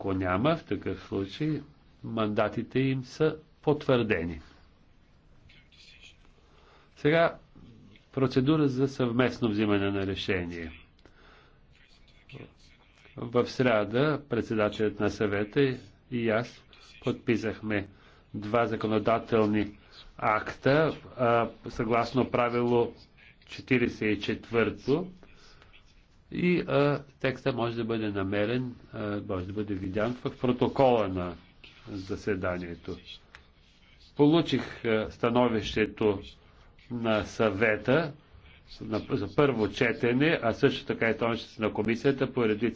Ако няма, в такъв случай мандатите им са потвърдени. Сега процедура за съвместно взимане на решение. В среда председателят на съвета и аз подписахме два законодателни акта, а, съгласно правило 44 и а, текста може да бъде намерен, а, може да бъде видян в протокола на заседанието. Получих а, становището на съвета на, за първо четене, а също така и е на комисията по редица